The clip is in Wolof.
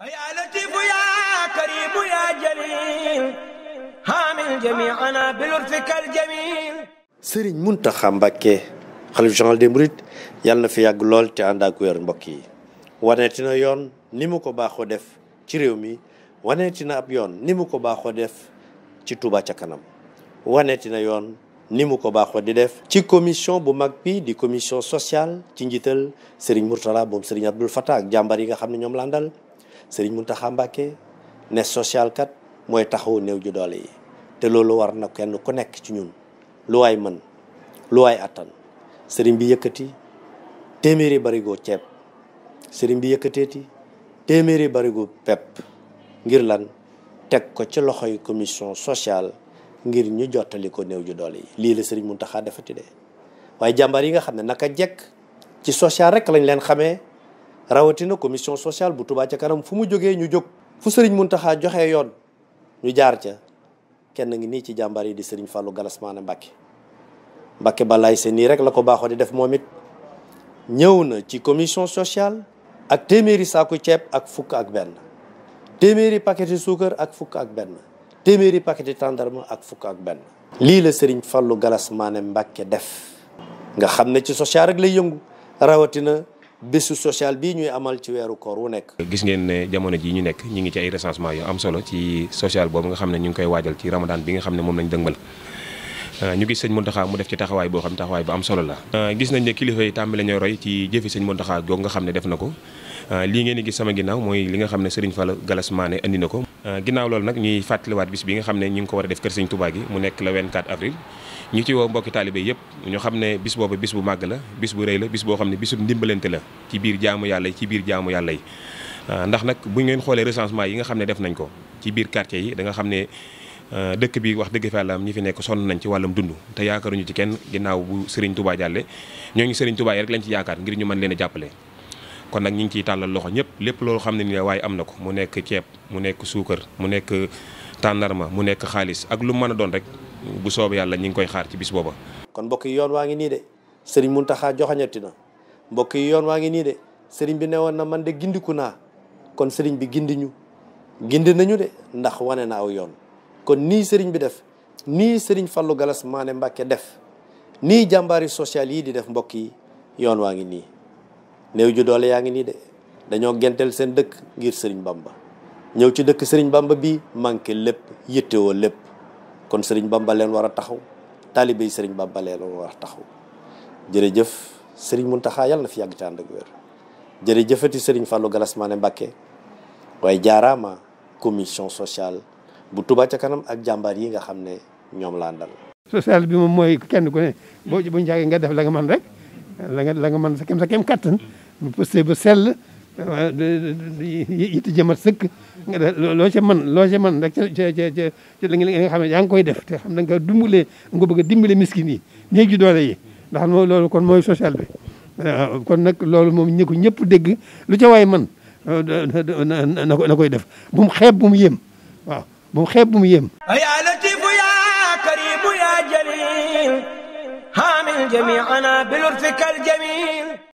يا لطيف يا كريم يا جليل حامل جميعنا بلطفك sëriñ Muntaxa Mbàkke xalif général des na fi yàgg lool te ànd ak wér mbokk yi waneeti na yoon ni mu ko baaxoo def ci réew mi waneeti na yoon ni mu ko baaxoo def ci Touba ca kanam waneeti na yoon ni mu ko baaxoo di def ci commission bu mag bi di commission sociale ci njiital sëriñ Mourtala moom sëriñ Abdul Fattah ak jàmbar yi nga xam ne ñoom la Serigne Mountakha Mbacké ne social kat mooy taxawu néew ju doole yi te loolu war na kenn ku nekk ci ñun lu waay mën lu waay attan sëriñ bi yëkkati téeméeri barigo ceeb sëriñ bi yëkkateeti téeméeri barigo pepp ngir lan teg ko ci loxoy commission sociale ngir ñu jottali new néew ju doole yi lii la sëriñ Mountakha defati de waaye jàmbaar yi nga xam ne naka jekk ci social rek lañ leen xamee rawatina commission sociale bu Touba ca kanam fu mu jógee ñu jóg fu sëriñ Muntaxa joxe yoon ñu jaar ca kenn ngi nii ci jàmbar yi di sëriñ fallu Gallas Mané Mbacke Mbacke Balaye nii rek la ko baaxoo def moom it ñëw na ci commission sociale ak téeméeri saaku ceeb ak fukk ak benn téeméeri paqueti suukar ak fukk ak benn téeméeri paqueti tàndarma ak fukk ak benn lii la sëriñ Fallou Gallas Mbacke def nga xam ne ci social rek lay yëngu rawatina bésu social bii ñuy amal ci weeru koor wu nekk. gis ngeen ne jamono ji ñu nekk ñu ngi ci ay recensement yu am solo ci social boobu nga xam ne ñu ngi koy waajal ci ramadan bi nga xam ne moom lañ dëngal euh, ñu gis sëñ Mountakha mu def ci taxawaay boo xam taxawaay bu am solo la. Euh, gis nañ ne kilifa yi tàmbali ñooy roy ci jëfi sëñ Mountakha googu nga xam ne def na ko euh, lii ngeen di gis sama ginnaaw mooy li nga xam ne Serigne Fall Galas Mané andi na ko. Euh, ginnaaw loolu nag ñuy fàttaliwaat bis bi nga xam ne ñu ngi ko war a def kër Sëñ Touba gi mu nekk le 24 avril ñu ci woo mbokki taalibe yëpp ñu xam ne bis boobu bis bu màgg la bis bu rëy la bis boo xam ne bisu ndimbalante la ci biir jaamu yàlla yi ci biir jaamu yàlla yi euh, ndax nag bu ngeen xoolee recensement yi nga xam ne def nañ ko ci biir quartier yi da nga xam ne euh, dëkk bi wax dëgg fa yàlla ñi fi nekk sonn nañ ci wàllum dund te yaakaaruñu ci kenn ginnaaw bu Serigne Touba jàlle ñooñu Serigne Touba yi rek lañ ci yaakaar ngir ñu mën leen jàppale kon nag ñu ngi ciy tàllal loxo ñëpp lépp loolu xam ne ni waaye am na ko mu nekk ceeb mu nekk suukar mu nekk tàndarma mu nekk xaalis ak lu mën a doon rek bu soob yàlla ñu ngi koy xaar ci bis booba. kon mbokk yi yoon waa ngi nii de sëriñ Mountakha joxañati na mbokk yi yoon waa ngi nii de sëriñ bi newoon na man de gindiku naa kon sëriñ bi gindi ñu gindi nañu de ndax wane na aw yoon kon nii sëriñ bi def nii sëriñ Fallou Galas Mané mbakke def nii jàmbaari sociale yi di def mbokk yi yoon waa ngi nii. néew ju doole yaa ngi nii de dañoo gentel seen dëkk ngir sëriñ bamba ñëw ci dëkk sëriñ bamba bi manqué lépp yittewoo lépp kon sëriñ bamba leen war a taxaw taalibe yi sëriñ bamba leen war a taxaw jërëjëf sëriñ mun yàlla na fi yàgg te ànd ak wér jërëjëfati sëriñ Fallou Gallas Mané Mbacké waaye jaaraama commission sociale bu tubaat ca kanam ak jàmbaar yi nga xam ne ñoom laa ndal social bi moom mooy kenn ku ne boo bu nga def la man rek la mën sa kem bu pëstee ba sell yitte jëmat sëkk loo ca mën loo ca mën rek ca ca ca ca li nga xam ne yaa ngi koy def te xam da nga dimbalee nga bëgg a dimbale miskin yi néeg ji doole yi ndax moo loolu kon mooy social bi kon nag loolu moom ñi ko ñëpp dégg lu ca waay mën euh, na koy def bu mu xeeb bu mu yéem waaw bu mu xeeb bu mu yéem yaa latifu yaa karimu yaa jalil haamil jamiana